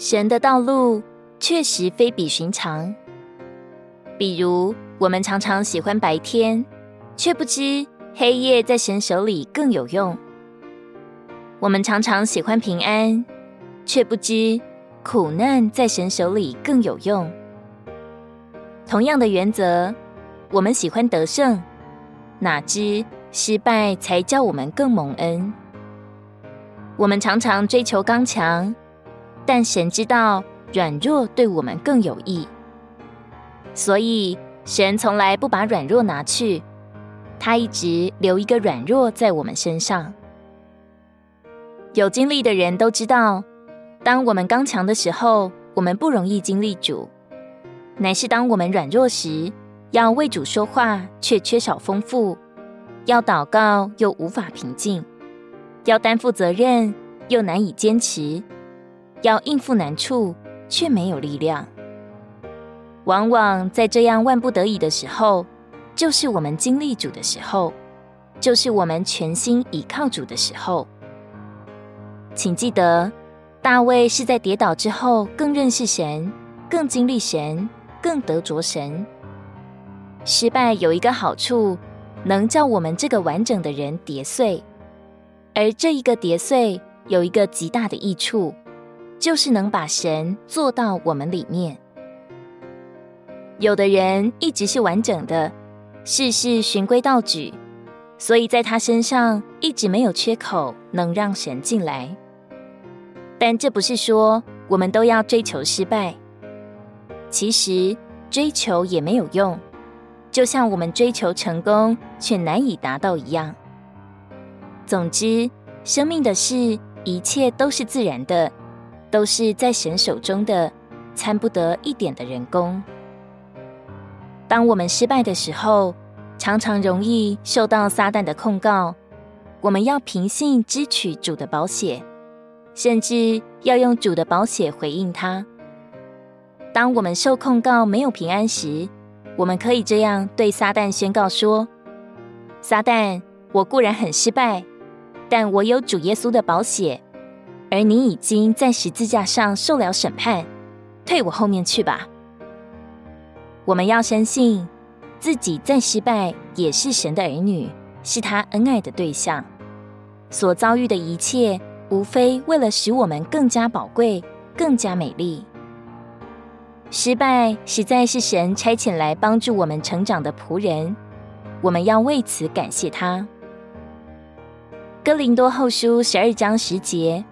神的道路確實非比尋常。比如，我們常常喜歡白天，卻不知黑夜在神手裡更有用。我們常常喜歡平安，卻不知苦難在神手裡更有用。同樣的原則，我們喜歡得勝，哪知失敗才叫我們更蒙恩。我們常常追求剛強，但神知道軟弱對我們更有益，所以神從來不把軟弱拿去，他一直留一個軟弱在我們身上。有經歷的人都知道，當我們剛強的時候，我們不容易經歷主；乃是當我們軟弱時，要為主說話卻缺少豐富，要禱告又無法平靜，要擔負責任又難以堅持。要應付難處，卻沒有力量，往往在這樣萬不得已的時候，就是我們經歷主的時候，就是我們全心倚靠主的時候。請記得，大衛是在跌倒之後更認識神，更經歷神，更得着神。失敗有一個好處，能叫我們這個完整的人跌碎，而這一個跌碎有一個極大的益處。就是能把神做到我們裡面。有的人一直是完整的，事事循規蹈矩，所以在他身上一直沒有缺口能讓神進來。但這不是說我們都要追求失敗，其實追求也沒有用，就像我們追求成功卻難以達到一樣。總之，生命的事一切都是自然的。都是在神手中的，參不得一點的人工。當我們失敗的時候，常常容易受到撒旦的控告。我們要憑信支取主的寶血，甚至要用主的寶血回應他。當我們受控告沒有平安時，我們可以這樣對撒旦宣告說：“撒旦，我固然很失敗，但我有主耶穌的寶血。而你已經在十字架上受了審判，退我後面去吧。我們要相信，自己再失敗也是神的兒女，是他恩愛的對象。所遭遇的一切，無非為了使我們更加寶貴、更加美麗。失敗實在是神差遣來幫助我們成長的僕人，我們要為此感謝他。哥林多後書十二章十節。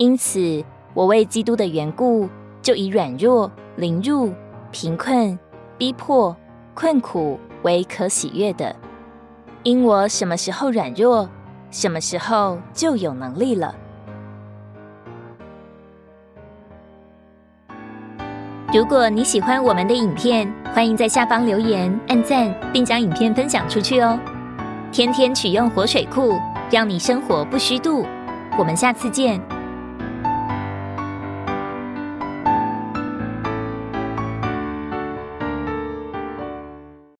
因此，我為基督的緣故，就以軟弱、凌辱、貧困、逼迫、困苦為可喜悅的，因我什麼時候軟弱，什麼時候就有能力了。如果你喜歡我們的影片，歡迎在下方留言、按讚，並將影片分享出去哦！天天取用活水庫，讓你生活不虛度。我們下次見。